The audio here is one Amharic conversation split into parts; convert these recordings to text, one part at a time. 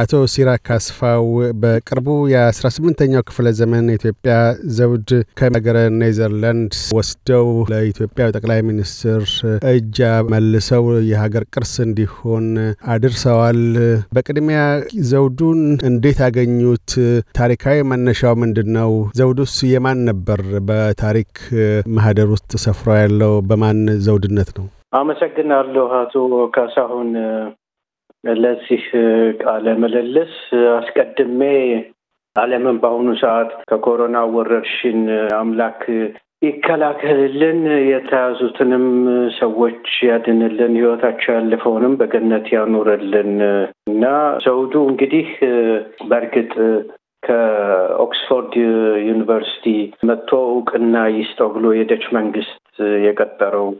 አቶ ሲራክ አስፋው በቅርቡ የ18ኛው ክፍለ ዘመን ኢትዮጵያ ዘውድ ከሀገረ ኔዘርላንድ ወስደው ለኢትዮጵያ ጠቅላይ ሚኒስትር እጅ መልሰው የሀገር ቅርስ እንዲሆን አድርሰዋል። በቅድሚያ ዘውዱን እንዴት አገኙት? ታሪካዊ መነሻው ምንድን ነው? ዘውዱስ የማን ነበር? በታሪክ ማህደር ውስጥ ሰፍሮ ያለው በማን ዘውድነት ነው? አመሰግናለሁ አቶ ካሳሁን። ለዚህ ቃለ ምልልስ አስቀድሜ ዓለምን በአሁኑ ሰዓት ከኮሮና ወረርሽን አምላክ ይከላከልልን፣ የተያዙትንም ሰዎች ያድንልን፣ ህይወታቸው ያለፈውንም በገነት ያኑርልን እና ዘውዱ እንግዲህ በእርግጥ ከኦክስፎርድ ዩኒቨርሲቲ መጥቶ እውቅና ይስጠው ብሎ የደች መንግስት የቀጠረው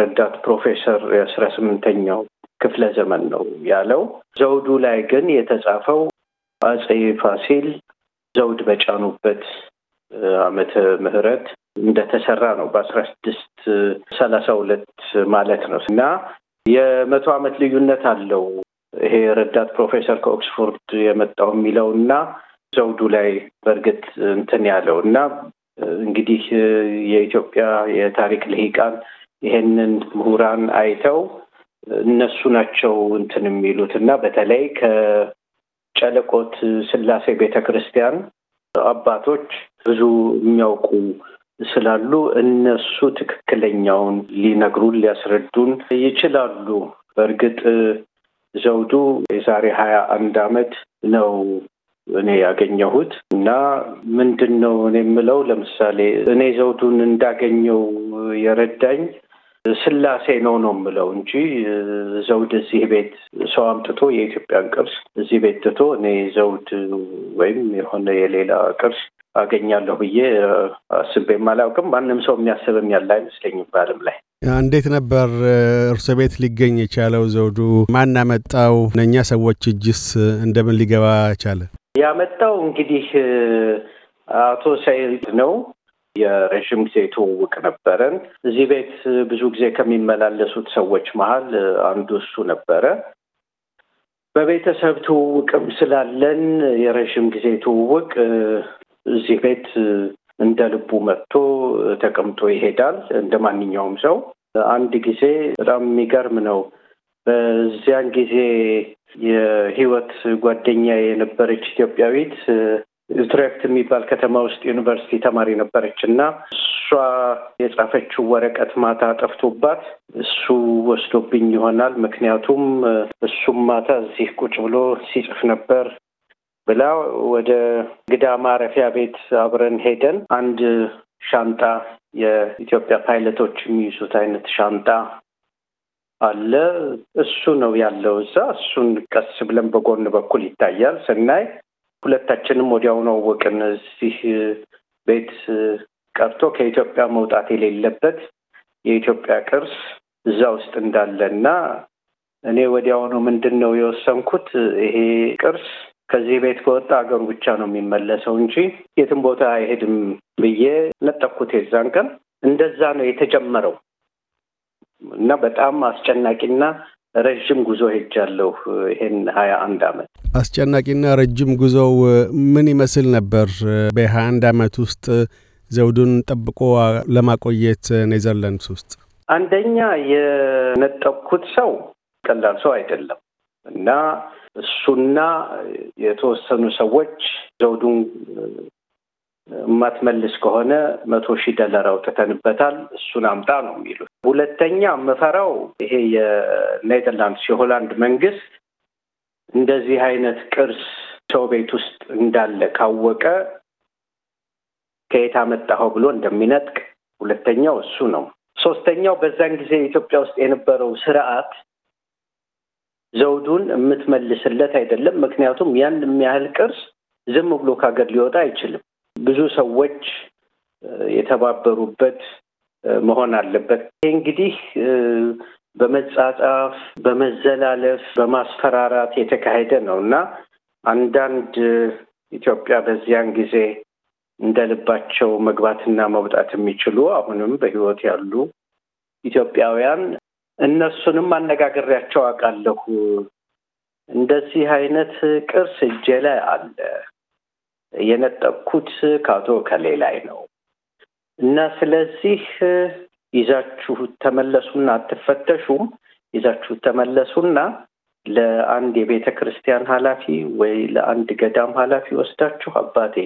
ረዳት ፕሮፌሰር የአስራ ስምንተኛው ክፍለ ዘመን ነው ያለው። ዘውዱ ላይ ግን የተጻፈው አጼ ፋሲል ዘውድ በጫኑበት ዓመተ ምህረት እንደተሰራ ነው በአስራ ስድስት ሰላሳ ሁለት ማለት ነው እና የመቶ ዓመት ልዩነት አለው። ይሄ ረዳት ፕሮፌሰር ከኦክስፎርድ የመጣው የሚለው እና ዘውዱ ላይ በእርግጥ እንትን ያለው እና እንግዲህ የኢትዮጵያ የታሪክ ልሂቃን ይሄንን ምሁራን አይተው እነሱ ናቸው እንትን የሚሉት እና በተለይ ከጨለቆት ስላሴ ቤተ ክርስቲያን አባቶች ብዙ የሚያውቁ ስላሉ እነሱ ትክክለኛውን ሊነግሩን ሊያስረዱን ይችላሉ። በእርግጥ ዘውዱ የዛሬ ሀያ አንድ አመት ነው እኔ ያገኘሁት እና ምንድን ነው እኔ የምለው ለምሳሌ እኔ ዘውዱን እንዳገኘው የረዳኝ ስላሴ ነው ነው የምለው እንጂ ዘውድ እዚህ ቤት ሰው አምጥቶ የኢትዮጵያን ቅርስ እዚህ ቤት ትቶ እኔ ዘውድ ወይም የሆነ የሌላ ቅርስ አገኛለሁ ብዬ አስቤም አላውቅም። ማንም ሰው የሚያስብም ያለ አይመስለኝም በዓለም ላይ። እንዴት ነበር እርሶ ቤት ሊገኝ የቻለው ዘውዱ? ማን ያመጣው? እነኛ ሰዎች እጅስ እንደምን ሊገባ ቻለ? ያመጣው እንግዲህ አቶ ሰይድ ነው የረዥም ጊዜ ትውውቅ ነበረን። እዚህ ቤት ብዙ ጊዜ ከሚመላለሱት ሰዎች መሀል አንዱ እሱ ነበረ። በቤተሰብ ትውውቅም ስላለን የረዥም ጊዜ ትውውቅ እዚህ ቤት እንደ ልቡ መጥቶ ተቀምጦ ይሄዳል እንደ ማንኛውም ሰው። አንድ ጊዜ በጣም የሚገርም ነው። በዚያን ጊዜ የህይወት ጓደኛ የነበረች ኢትዮጵያዊት ዩትሬክት የሚባል ከተማ ውስጥ ዩኒቨርሲቲ ተማሪ ነበረች እና እሷ የጻፈችው ወረቀት ማታ ጠፍቶባት እሱ ወስዶብኝ ይሆናል ምክንያቱም እሱም ማታ እዚህ ቁጭ ብሎ ሲጽፍ ነበር ብላ ወደ ግዳ ማረፊያ ቤት አብረን ሄደን አንድ ሻንጣ የኢትዮጵያ ፓይለቶች የሚይዙት አይነት ሻንጣ አለ። እሱ ነው ያለው እዛ። እሱን ቀስ ብለን በጎን በኩል ይታያል ስናይ ሁለታችንም ወዲያውኑ አወቅን። እዚህ ቤት ቀርቶ ከኢትዮጵያ መውጣት የሌለበት የኢትዮጵያ ቅርስ እዛ ውስጥ እንዳለ እና እኔ ወዲያውኑ ምንድን ነው የወሰንኩት ይሄ ቅርስ ከዚህ ቤት ከወጣ ሀገሩ ብቻ ነው የሚመለሰው እንጂ የትም ቦታ አይሄድም ብዬ ነጠኩት። የዛን ቀን እንደዛ ነው የተጀመረው እና በጣም አስጨናቂና ረዥም ጉዞ ሄጃለሁ። ይሄን ሀያ አንድ አመት አስጨናቂና ረጅም ጉዞው ምን ይመስል ነበር? በሀያ አንድ አመት ውስጥ ዘውዱን ጠብቆ ለማቆየት ኔዘርላንድስ ውስጥ አንደኛ የነጠቅኩት ሰው ቀላል ሰው አይደለም እና እሱና የተወሰኑ ሰዎች ዘውዱን የማትመልስ ከሆነ መቶ ሺህ ዶላር አውጥተንበታል እሱን አምጣ ነው የሚሉት። ሁለተኛ የምፈራው ይሄ የኔዘርላንድስ የሆላንድ መንግስት እንደዚህ አይነት ቅርስ ሰው ቤት ውስጥ እንዳለ ካወቀ ከየት አመጣኸው ብሎ እንደሚነጥቅ ሁለተኛው እሱ ነው። ሶስተኛው በዛን ጊዜ ኢትዮጵያ ውስጥ የነበረው ስርዓት ዘውዱን የምትመልስለት አይደለም። ምክንያቱም ያን የሚያህል ቅርስ ዝም ብሎ ከሀገር ሊወጣ አይችልም። ብዙ ሰዎች የተባበሩበት መሆን አለበት። ይህ እንግዲህ በመጻጻፍ፣ በመዘላለፍ፣ በማስፈራራት የተካሄደ ነው እና አንዳንድ ኢትዮጵያ በዚያን ጊዜ እንደልባቸው መግባትና መውጣት የሚችሉ አሁንም በሕይወት ያሉ ኢትዮጵያውያን እነሱንም አነጋግሬያቸው አውቃለሁ። እንደዚህ አይነት ቅርስ እጄ ላይ አለ የነጠቅኩት ከአቶ ከሌ ላይ ነው እና ስለዚህ ይዛችሁ ተመለሱና አትፈተሹም፣ ይዛችሁ ተመለሱና ለአንድ የቤተ ክርስቲያን ሀላፊ ወይ ለአንድ ገዳም ኃላፊ ወስዳችሁ አባቴ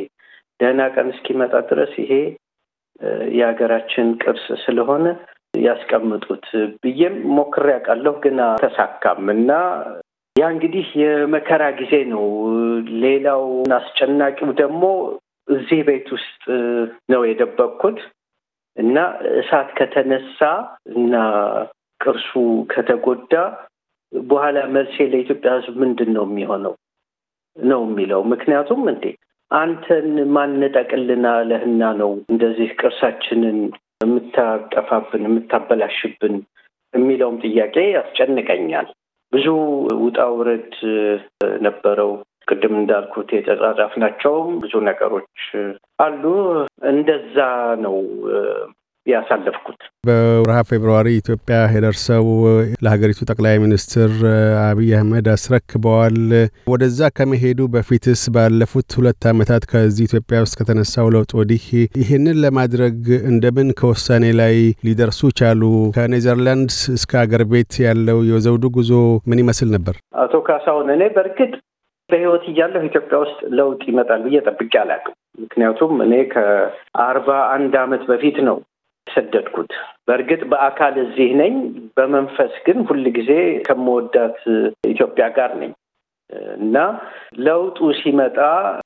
ደህና ቀን እስኪመጣ ድረስ ይሄ የሀገራችን ቅርስ ስለሆነ ያስቀምጡት ብዬም ሞክሬ ያውቃለሁ ግን ተሳካም እና ያ እንግዲህ የመከራ ጊዜ ነው። ሌላው አስጨናቂው ደግሞ እዚህ ቤት ውስጥ ነው የደበቅኩት እና እሳት ከተነሳ እና ቅርሱ ከተጎዳ በኋላ መልሴ ለኢትዮጵያ ሕዝብ ምንድን ነው የሚሆነው ነው የሚለው። ምክንያቱም እንዴ አንተን ማንጠቅልና ለህና ነው እንደዚህ ቅርሳችንን የምታጠፋብን የምታበላሽብን የሚለውም ጥያቄ ያስጨንቀኛል። ብዙ ውጣ ውረድ ነበረው። ቅድም እንዳልኩት ናቸውም ብዙ ነገሮች አሉ። እንደዛ ነው ያሳለፍኩት። በወርሃ ፌብርዋሪ ኢትዮጵያ የደርሰው ለሀገሪቱ ጠቅላይ ሚኒስትር አብይ አህመድ አስረክበዋል። ወደዛ ከመሄዱ በፊትስ ባለፉት ሁለት ዓመታት ከዚህ ኢትዮጵያ ውስጥ ከተነሳው ለውጥ ወዲህ ይህንን ለማድረግ እንደምን ከውሳኔ ላይ ሊደርሱ ቻሉ? ከኔዘርላንድስ እስከ አገር ቤት ያለው የዘውዱ ጉዞ ምን ይመስል ነበር? አቶ ካሳሁን፣ እኔ በእርግጥ በህይወት እያለሁ ኢትዮጵያ ውስጥ ለውጥ ይመጣል ብዬ ጠብቄ አላውቅም። ምክንያቱም እኔ ከአርባ አንድ አመት በፊት ነው ሰደድኩት። በእርግጥ በአካል እዚህ ነኝ፣ በመንፈስ ግን ሁል ጊዜ ከምወዳት ኢትዮጵያ ጋር ነኝ እና ለውጡ ሲመጣ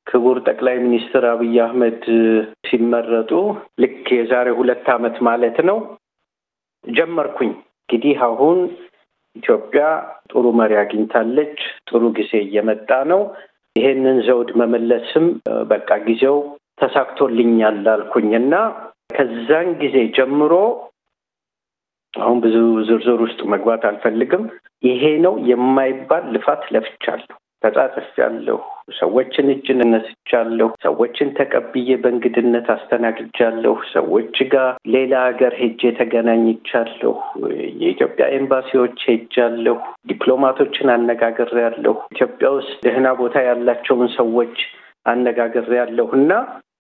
ክቡር ጠቅላይ ሚኒስትር አብይ አህመድ ሲመረጡ ልክ የዛሬ ሁለት አመት ማለት ነው ጀመርኩኝ። እንግዲህ አሁን ኢትዮጵያ ጥሩ መሪ አግኝታለች። ጥሩ ጊዜ እየመጣ ነው። ይሄንን ዘውድ መመለስም በቃ ጊዜው ተሳክቶልኛል አልኩኝ እና ከዛን ጊዜ ጀምሮ አሁን ብዙ ዝርዝር ውስጥ መግባት አልፈልግም። ይሄ ነው የማይባል ልፋት ለፍቻለሁ፣ ተጻጽፌያለሁ፣ ሰዎችን እጅ ነስቻለሁ፣ ሰዎችን ተቀብዬ በእንግድነት አስተናግጃለሁ፣ ሰዎች ጋር ሌላ ሀገር ሄጄ ተገናኝቻለሁ፣ የኢትዮጵያ ኤምባሲዎች ሄጃለሁ፣ ዲፕሎማቶችን አነጋግሬያለሁ፣ ኢትዮጵያ ውስጥ ደህና ቦታ ያላቸውን ሰዎች አነጋግሬያለሁ እና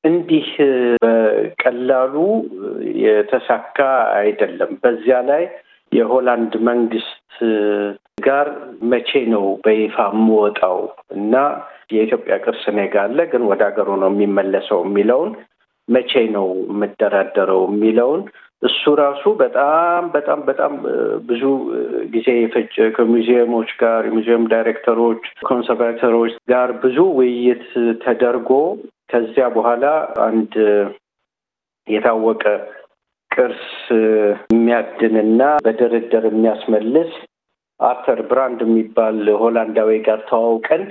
እንዲህ በቀላሉ የተሳካ አይደለም። በዚያ ላይ የሆላንድ መንግስት ጋር መቼ ነው በይፋ የምወጣው እና የኢትዮጵያ ቅርስ እኔ ጋ አለ፣ ግን ወደ ሀገሩ ነው የሚመለሰው የሚለውን መቼ ነው የምደራደረው የሚለውን እሱ ራሱ በጣም በጣም በጣም ብዙ ጊዜ የፈጀ ከሙዚየሞች ጋር የሙዚየም ዳይሬክተሮች፣ ኮንሰርቫተሮች ጋር ብዙ ውይይት ተደርጎ ከዚያ በኋላ አንድ የታወቀ ቅርስ የሚያድንና በድርድር የሚያስመልስ አርተር ብራንድ የሚባል ሆላንዳዊ ጋር ተዋውቀን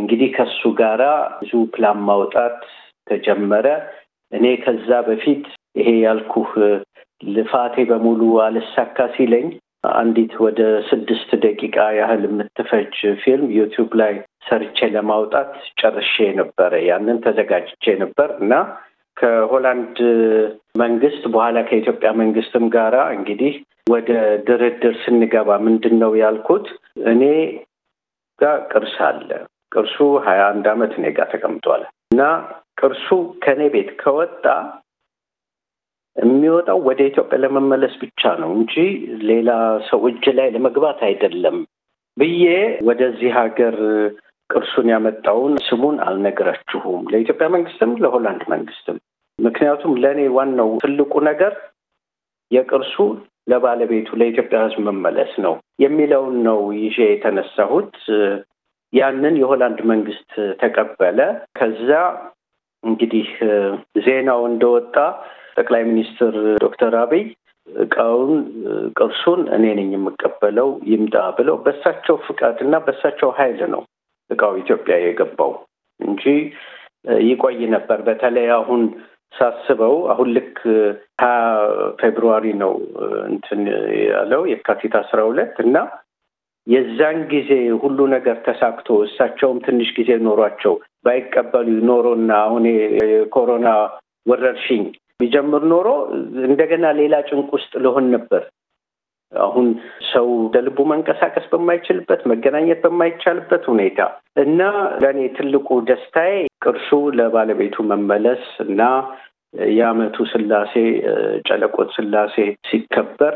እንግዲህ ከሱ ጋራ ብዙ ፕላን ማውጣት ተጀመረ። እኔ ከዛ በፊት ይሄ ያልኩህ ልፋቴ በሙሉ አልሳካ ሲለኝ አንዲት ወደ ስድስት ደቂቃ ያህል የምትፈጅ ፊልም ዩቲዩብ ላይ ሰርቼ ለማውጣት ጨርሼ ነበረ። ያንን ተዘጋጅቼ ነበር እና ከሆላንድ መንግስት በኋላ ከኢትዮጵያ መንግስትም ጋራ እንግዲህ ወደ ድርድር ስንገባ ምንድን ነው ያልኩት እኔ ጋር ቅርስ አለ። ቅርሱ ሀያ አንድ አመት እኔ ጋር ተቀምጧል እና ቅርሱ ከእኔ ቤት ከወጣ የሚወጣው ወደ ኢትዮጵያ ለመመለስ ብቻ ነው እንጂ ሌላ ሰው እጅ ላይ ለመግባት አይደለም ብዬ ወደዚህ ሀገር ቅርሱን ያመጣውን ስሙን አልነገራችሁም ለኢትዮጵያ መንግስትም ለሆላንድ መንግስትም። ምክንያቱም ለእኔ ዋናው ትልቁ ነገር የቅርሱ ለባለቤቱ ለኢትዮጵያ ሕዝብ መመለስ ነው የሚለውን ነው ይዤ የተነሳሁት። ያንን የሆላንድ መንግስት ተቀበለ። ከዛ እንግዲህ ዜናው እንደወጣ ጠቅላይ ሚኒስትር ዶክተር አብይ እቃውን ቅርሱን እኔ ነኝ የምቀበለው ይምጣ ብለው በሳቸው ፍቃድ እና በሳቸው ኃይል ነው እቃው ኢትዮጵያ የገባው እንጂ ይቆይ ነበር። በተለይ አሁን ሳስበው አሁን ልክ ሀያ ፌብሩዋሪ ነው እንትን ያለው የካቲት አስራ ሁለት እና የዛን ጊዜ ሁሉ ነገር ተሳክቶ እሳቸውም ትንሽ ጊዜ ኖሯቸው ባይቀበሉ ኖሮና አሁን የኮሮና ወረርሽኝ ቢጀምር ኖሮ እንደገና ሌላ ጭንቅ ውስጥ ልሆን ነበር። አሁን ሰው ደልቡ መንቀሳቀስ በማይችልበት መገናኘት በማይቻልበት ሁኔታ እና ለእኔ ትልቁ ደስታዬ ቅርሱ ለባለቤቱ መመለስ እና የአመቱ ስላሴ ጨለቆት ስላሴ ሲከበር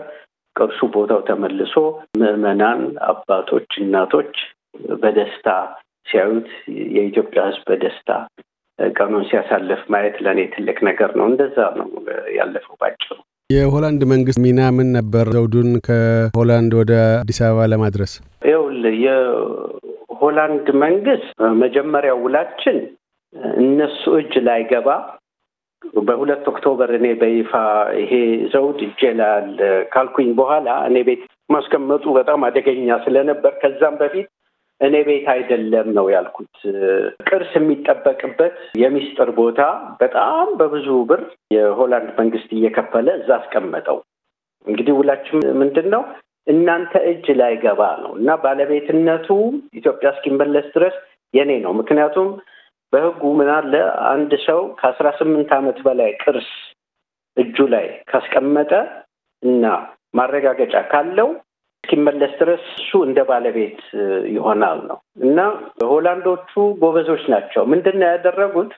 ቅርሱ ቦታው ተመልሶ ምዕመናን፣ አባቶች፣ እናቶች በደስታ ሲያዩት የኢትዮጵያ ሕዝብ በደስታ ቀኑን ሲያሳልፍ ማየት ለእኔ ትልቅ ነገር ነው። እንደዛ ነው ያለፈው ባጭሩ። የሆላንድ መንግስት ሚና ምን ነበር? ዘውዱን ከሆላንድ ወደ አዲስ አበባ ለማድረስ ይውል የሆላንድ መንግስት መጀመሪያ ውላችን እነሱ እጅ ላይገባ በሁለት ኦክቶበር እኔ በይፋ ይሄ ዘውድ እጄ ካልኩኝ በኋላ እኔ ቤት ማስቀመጡ በጣም አደገኛ ስለነበር ከዛም በፊት እኔ ቤት አይደለም ነው ያልኩት። ቅርስ የሚጠበቅበት የሚስጥር ቦታ በጣም በብዙ ብር የሆላንድ መንግስት እየከፈለ እዛ አስቀመጠው። እንግዲህ ውላችን ምንድን ነው እናንተ እጅ ላይገባ ነው እና ባለቤትነቱ ኢትዮጵያ እስኪመለስ ድረስ የኔ ነው። ምክንያቱም በህጉ ምን አለ አንድ ሰው ከአስራ ስምንት ዓመት በላይ ቅርስ እጁ ላይ ካስቀመጠ እና ማረጋገጫ ካለው እስኪመለስ ድረስ እሱ እንደ ባለቤት ይሆናል ነው እና ሆላንዶቹ ጎበዞች ናቸው። ምንድን ነው ያደረጉት?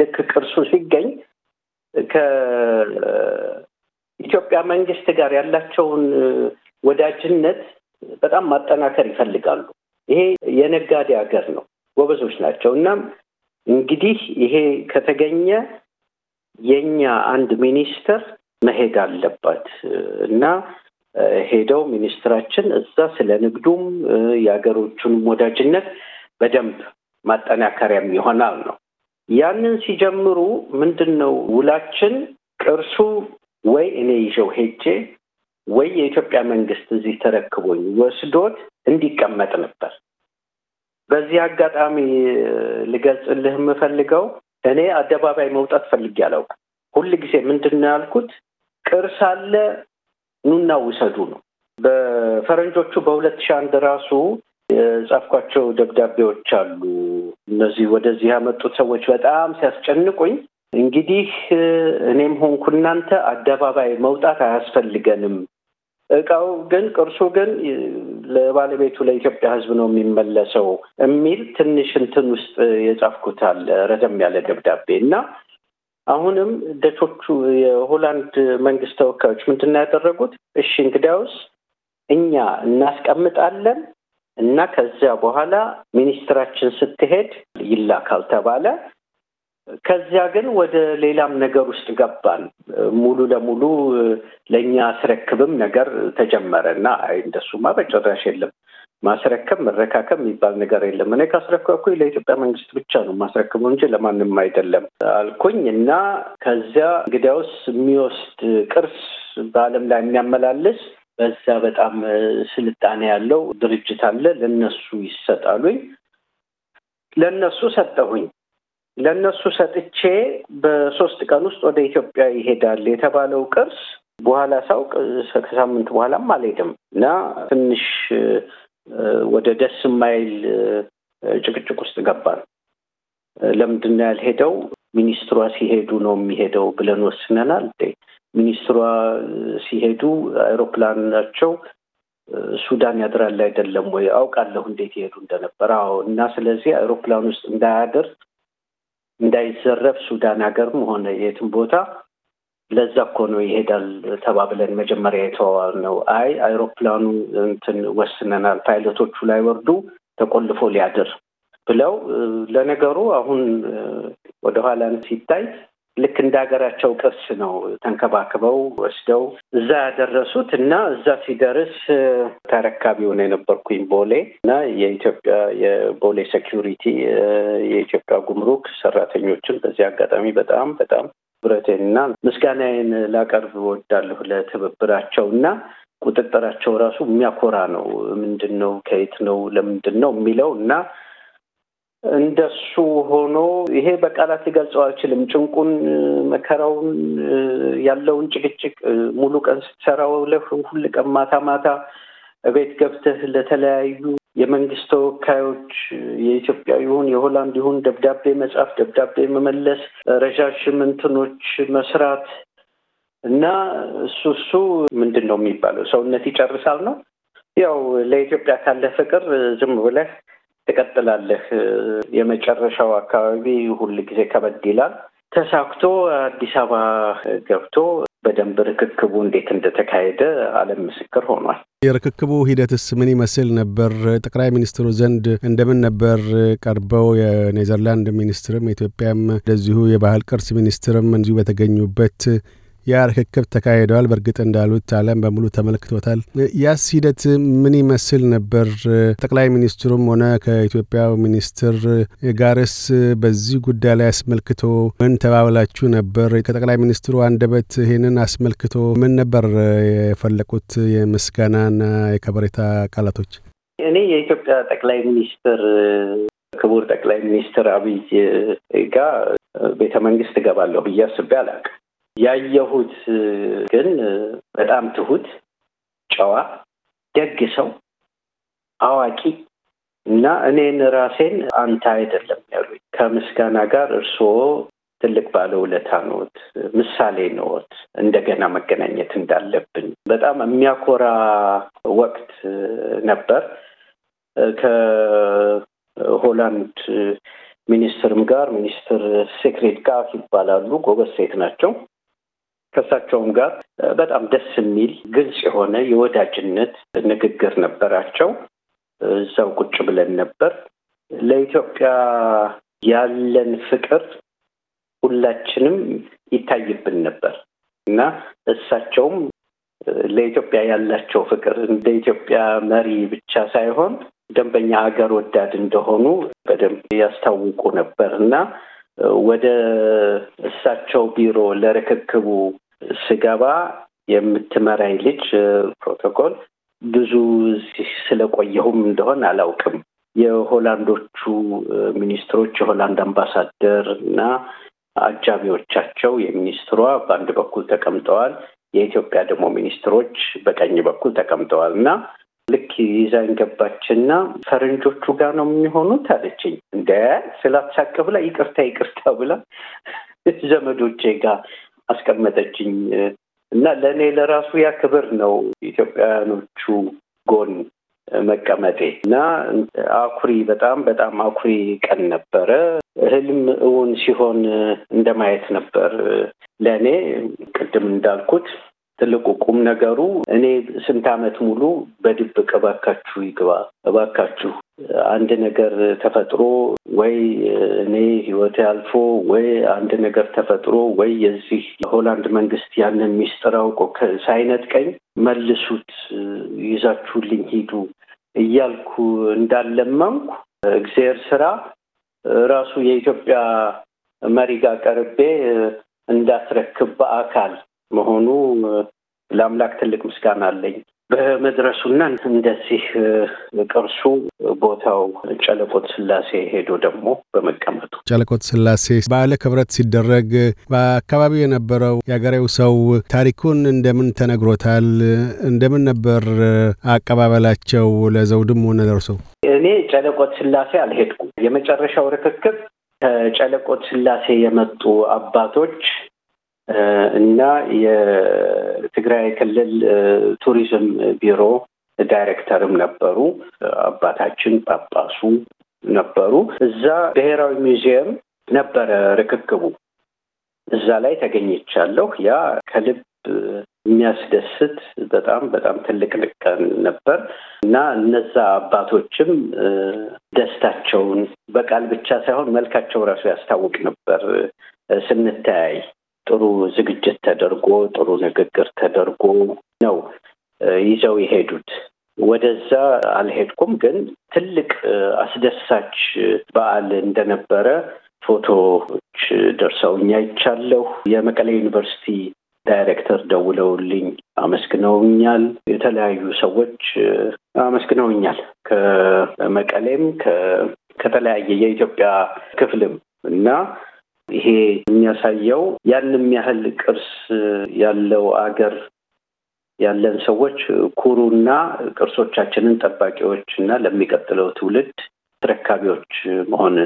ልክ ቅርሱ ሲገኝ ከኢትዮጵያ መንግስት ጋር ያላቸውን ወዳጅነት በጣም ማጠናከር ይፈልጋሉ። ይሄ የነጋዴ ሀገር ነው። ጎበዞች ናቸው። እናም እንግዲህ ይሄ ከተገኘ የኛ አንድ ሚኒስተር መሄድ አለባት እና ሄደው ሚኒስትራችን እዛ ስለ ንግዱም የሀገሮቹንም ወዳጅነት በደንብ ማጠናከሪያም ይሆናል ነው። ያንን ሲጀምሩ ምንድን ነው ውላችን ቅርሱ ወይ እኔ ይዤው ሄጄ ወይ የኢትዮጵያ መንግስት እዚህ ተረክቦኝ ወስዶት እንዲቀመጥ ነበር። በዚህ አጋጣሚ ልገልጽልህ የምፈልገው እኔ አደባባይ መውጣት ፈልጌ አላውቅም። ሁል ጊዜ ምንድን ነው ያልኩት ቅርስ አለ ኑና ውሰዱ ነው። በፈረንጆቹ በሁለት ሺህ አንድ ራሱ የጻፍኳቸው ደብዳቤዎች አሉ። እነዚህ ወደዚህ ያመጡት ሰዎች በጣም ሲያስጨንቁኝ እንግዲህ እኔም ሆንኩ እናንተ አደባባይ መውጣት አያስፈልገንም። እቃው ግን ቅርሱ ግን ለባለቤቱ ለኢትዮጵያ ሕዝብ ነው የሚመለሰው የሚል ትንሽ እንትን ውስጥ የጻፍኩት አለ ረዘም ያለ ደብዳቤ እና አሁንም ደቾቹ የሆላንድ መንግስት ተወካዮች ምንድን ያደረጉት? እሺ እንግዲያውስ እኛ እናስቀምጣለን እና ከዚያ በኋላ ሚኒስትራችን ስትሄድ ይላካል ተባለ። ከዚያ ግን ወደ ሌላም ነገር ውስጥ ገባን። ሙሉ ለሙሉ ለእኛ አስረክብም ነገር ተጀመረ እና እንደሱማ በጭራሽ የለም ማስረከብ መረካከብ የሚባል ነገር የለም። እኔ ካስረከብኩኝ ለኢትዮጵያ መንግስት ብቻ ነው ማስረክበው እንጂ ለማንም አይደለም አልኩኝ እና ከዚያ እንግዲያውስ የሚወስድ ቅርስ በዓለም ላይ የሚያመላልስ በዛ በጣም ስልጣኔ ያለው ድርጅት አለ፣ ለነሱ ይሰጣሉኝ። ለነሱ ሰጠሁኝ። ለነሱ ሰጥቼ በሶስት ቀን ውስጥ ወደ ኢትዮጵያ ይሄዳል የተባለው ቅርስ በኋላ ሳውቅ ከሳምንት በኋላም አልሄድም እና ትንሽ ወደ ደስ የማይል ጭቅጭቅ ውስጥ ገባን። ለምንድን ነው ያልሄደው? ሚኒስትሯ ሲሄዱ ነው የሚሄደው ብለን ወስነናል። ሚኒስትሯ ሲሄዱ አውሮፕላናቸው ሱዳን ያድራል አይደለም ወይ? አውቃለሁ እንዴት ይሄዱ እንደነበር። አዎ። እና ስለዚህ አውሮፕላን ውስጥ እንዳያድር እንዳይዘረፍ ሱዳን ሀገርም ሆነ የትም ቦታ ለዛ እኮ ነው ይሄዳል ተባብለን መጀመሪያ ነው። አይ አይሮፕላኑ እንትን ወስነናል፣ ፓይለቶቹ ላይ ወርዱ ተቆልፎ ሊያድር ብለው ለነገሩ አሁን ወደኋላ ሲታይ ልክ እንደ ሀገራቸው ቅርስ ነው ተንከባክበው ወስደው እዛ ያደረሱት እና እዛ ሲደርስ ተረካቢ ሆነ የነበርኩኝ ቦሌ እና የኢትዮጵያ የቦሌ ሴኪሪቲ የኢትዮጵያ ጉምሩክ ሰራተኞችን በዚህ አጋጣሚ በጣም በጣም ትኩረቴንና ምስጋናዬን ላቀርብ እወዳለሁ ለትብብራቸው እና ቁጥጥራቸው ራሱ የሚያኮራ ነው። ምንድን ነው ከየት ነው ለምንድን ነው የሚለው እና እንደሱ ሆኖ ይሄ በቃላት ሊገልጸው አይችልም። ጭንቁን፣ መከራውን፣ ያለውን ጭቅጭቅ ሙሉ ቀን ስትሰራ ውለህ ሁል ቀን ማታ ማታ እቤት ገብተህ ለተለያዩ የመንግስት ተወካዮች የኢትዮጵያ ይሁን የሆላንድ ይሁን ደብዳቤ መጻፍ፣ ደብዳቤ መመለስ፣ ረዣዥም እንትኖች መስራት እና እሱ እሱ ምንድን ነው የሚባለው ሰውነት ይጨርሳል ነው። ያው ለኢትዮጵያ ካለ ፍቅር ዝም ብለህ ትቀጥላለህ። የመጨረሻው አካባቢ ጊዜ ከበድ ይላል። ተሳክቶ አዲስ አበባ ገብቶ በደንብ ርክክቡ እንዴት እንደተካሄደ ዓለም ምስክር ሆኗል። የርክክቡ ሂደትስ ምን ይመስል ነበር? ጠቅላይ ሚኒስትሩ ዘንድ እንደምን ነበር ቀርበው? የኔዘርላንድ ሚኒስትርም ኢትዮጵያም እንደዚሁ የባህል ቅርስ ሚኒስትርም እንዲሁ በተገኙበት ያ ርክክብ ተካሂደዋል። በእርግጥ እንዳሉት ዓለም በሙሉ ተመልክቶታል። ያስ ሂደት ምን ይመስል ነበር? ጠቅላይ ሚኒስትሩም ሆነ ከኢትዮጵያ ሚኒስትር ጋርስ በዚህ ጉዳይ ላይ አስመልክቶ ምን ተባብላችሁ ነበር? ከጠቅላይ ሚኒስትሩ አንደበት ይህንን አስመልክቶ ምን ነበር የፈለቁት የምስጋናና የከበሬታ ቃላቶች? እኔ የኢትዮጵያ ጠቅላይ ሚኒስትር ክቡር ጠቅላይ ሚኒስትር አብይ ጋር ቤተ መንግስት እገባለሁ ብዬ አስቤ አላውቅም። ያየሁት ግን በጣም ትሁት፣ ጨዋ፣ ደግ ሰው፣ አዋቂ እና እኔን ራሴን አንተ አይደለም ያሉኝ ከምስጋና ጋር እርስዎ ትልቅ ባለውለታ ነዎት፣ ምሳሌ ነዎት። እንደገና መገናኘት እንዳለብን በጣም የሚያኮራ ወቅት ነበር። ከሆላንድ ሚኒስትርም ጋር ሚኒስትር ሴክሬት ጋር ይባላሉ። ጎበዝ ሴት ናቸው። ከእሳቸውም ጋር በጣም ደስ የሚል ግልጽ የሆነ የወዳጅነት ንግግር ነበራቸው። እዛው ቁጭ ብለን ነበር። ለኢትዮጵያ ያለን ፍቅር ሁላችንም ይታይብን ነበር እና እሳቸውም ለኢትዮጵያ ያላቸው ፍቅር እንደ ኢትዮጵያ መሪ ብቻ ሳይሆን ደንበኛ ሀገር ወዳድ እንደሆኑ በደንብ ያስታውቁ ነበር እና ወደ እሳቸው ቢሮ ለርክክቡ ስገባ የምትመራኝ ልጅ ፕሮቶኮል ብዙ ስለቆየሁም እንደሆን አላውቅም። የሆላንዶቹ ሚኒስትሮች የሆላንድ አምባሳደር እና አጃቢዎቻቸው የሚኒስትሯ በአንድ በኩል ተቀምጠዋል። የኢትዮጵያ ደግሞ ሚኒስትሮች በቀኝ በኩል ተቀምጠዋል እና ልክ ይዛኝ ገባችና ፈረንጆቹ ጋር ነው የሚሆኑት አለችኝ። እንደ ስላትሳቀ ብላ ይቅርታ ይቅርታ ብላ ዘመዶቼ ጋር አስቀመጠችኝ እና ለእኔ ለራሱ ያ ክብር ነው ኢትዮጵያውያኖቹ ጎን መቀመጤ እና አኩሪ በጣም በጣም አኩሪ ቀን ነበረ። ህልም እውን ሲሆን እንደማየት ነበር ለእኔ ቅድም እንዳልኩት ትልቁ ቁም ነገሩ እኔ ስንት ዓመት ሙሉ በድብቅ እባካችሁ ይግባ፣ እባካችሁ አንድ ነገር ተፈጥሮ ወይ እኔ ህይወት አልፎ ወይ አንድ ነገር ተፈጥሮ ወይ የዚህ ሆላንድ መንግስት ያንን ሚስጥር አውቆ ሳይነጥቀኝ መልሱት፣ ይዛችሁልኝ ሂዱ እያልኩ እንዳለመንኩ እግዜር ስራ ራሱ የኢትዮጵያ መሪ ጋር ቀርቤ እንዳስረክብ በአካል መሆኑ ለአምላክ ትልቅ ምስጋና አለኝ። በመድረሱና እንደዚህ ቅርሱ ቦታው ጨለቆት ስላሴ ሄዶ ደግሞ በመቀመጡ ጨለቆት ስላሴ ባለ ክብረት ሲደረግ በአካባቢው የነበረው የአገሬው ሰው ታሪኩን እንደምን ተነግሮታል? እንደምን ነበር አቀባበላቸው? ለዘውድም ሆነ ደርሶ እኔ ጨለቆት ስላሴ አልሄድኩም። የመጨረሻው ርክክብ ከጨለቆት ስላሴ የመጡ አባቶች እና የትግራይ ክልል ቱሪዝም ቢሮ ዳይሬክተርም ነበሩ። አባታችን ጳጳሱ ነበሩ። እዛ ብሔራዊ ሙዚየም ነበረ ርክክቡ። እዛ ላይ ተገኝቻለሁ። ያ ከልብ የሚያስደስት በጣም በጣም ትልቅ ቀን ነበር እና እነዛ አባቶችም ደስታቸውን በቃል ብቻ ሳይሆን መልካቸው ራሱ ያስታውቅ ነበር ስንተያይ ጥሩ ዝግጅት ተደርጎ ጥሩ ንግግር ተደርጎ ነው ይዘው የሄዱት። ወደዛ አልሄድኩም፣ ግን ትልቅ አስደሳች በዓል እንደነበረ ፎቶዎች ደርሰውኝ አይቻለሁ። የመቀሌ ዩኒቨርሲቲ ዳይሬክተር ደውለውልኝ አመስግነውኛል። የተለያዩ ሰዎች አመስግነውኛል ከመቀሌም ከተለያየ የኢትዮጵያ ክፍልም እና ይሄ የሚያሳየው ያንም ያህል ቅርስ ያለው አገር ያለን ሰዎች ኩሩና ቅርሶቻችንን ጠባቂዎች እና ለሚቀጥለው ትውልድ ተረካቢዎች መሆን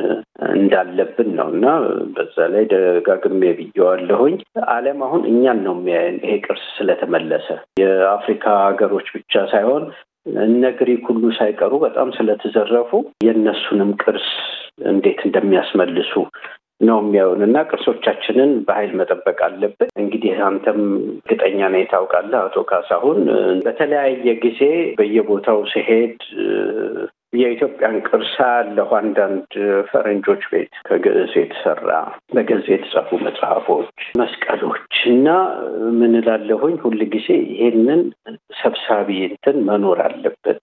እንዳለብን ነው እና በዛ ላይ ደጋግሜ ብዬዋለሁኝ። ዓለም አሁን እኛን ነው የሚያየን። ይሄ ቅርስ ስለተመለሰ የአፍሪካ ሀገሮች ብቻ ሳይሆን እነ ግሪክ ሁሉ ሳይቀሩ በጣም ስለተዘረፉ የእነሱንም ቅርስ እንዴት እንደሚያስመልሱ ነው የሚያዩን እና ቅርሶቻችንን በኃይል መጠበቅ አለብን። እንግዲህ አንተም እርግጠኛ ነኝ ታውቃለህ አቶ ካሳሁን በተለያየ ጊዜ በየቦታው ሲሄድ የኢትዮጵያን ቅርስ አለሁ። አንዳንድ ፈረንጆች ቤት ከግዕዝ የተሰራ በግዕዝ የተጻፉ መጽሐፎች፣ መስቀሎች እና ምን እላለሁኝ ሁል ጊዜ ይሄንን ሰብሳቢ እንትን መኖር አለበት።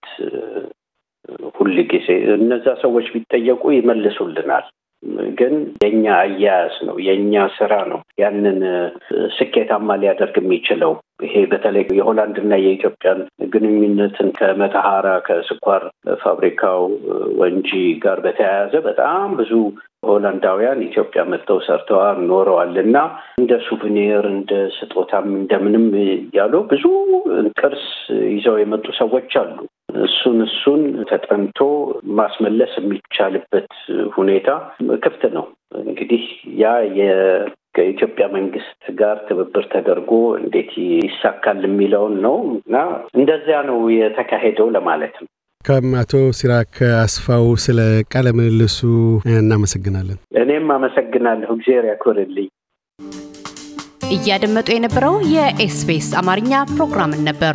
ሁል ጊዜ እነዛ ሰዎች ቢጠየቁ ይመልሱልናል። ግን የእኛ አያያዝ ነው የእኛ ስራ ነው ያንን ስኬታማ ሊያደርግ የሚችለው። ይሄ በተለይ የሆላንድና የኢትዮጵያን ግንኙነትን ከመተሃራ ከስኳር ፋብሪካው ወንጂ ጋር በተያያዘ በጣም ብዙ ሆላንዳውያን ኢትዮጵያ መጥተው ሰርተዋል ኖረዋል እና እንደ ሱቭኒር እንደ ስጦታም እንደምንም ያሉ ብዙ ቅርስ ይዘው የመጡ ሰዎች አሉ። እሱን እሱን ተጠንቶ ማስመለስ የሚቻልበት ሁኔታ ክፍት ነው። እንግዲህ ያ ከኢትዮጵያ መንግስት ጋር ትብብር ተደርጎ እንዴት ይሳካል የሚለውን ነው እና እንደዚያ ነው የተካሄደው ለማለት ነው። ከም አቶ ሲራክ አስፋው ስለ ቃለ ምልልሱ እናመሰግናለን። እኔም አመሰግናለሁ። እግዜር ያክብርልኝ። እያደመጡ የነበረው የኤስቢኤስ አማርኛ ፕሮግራምን ነበር።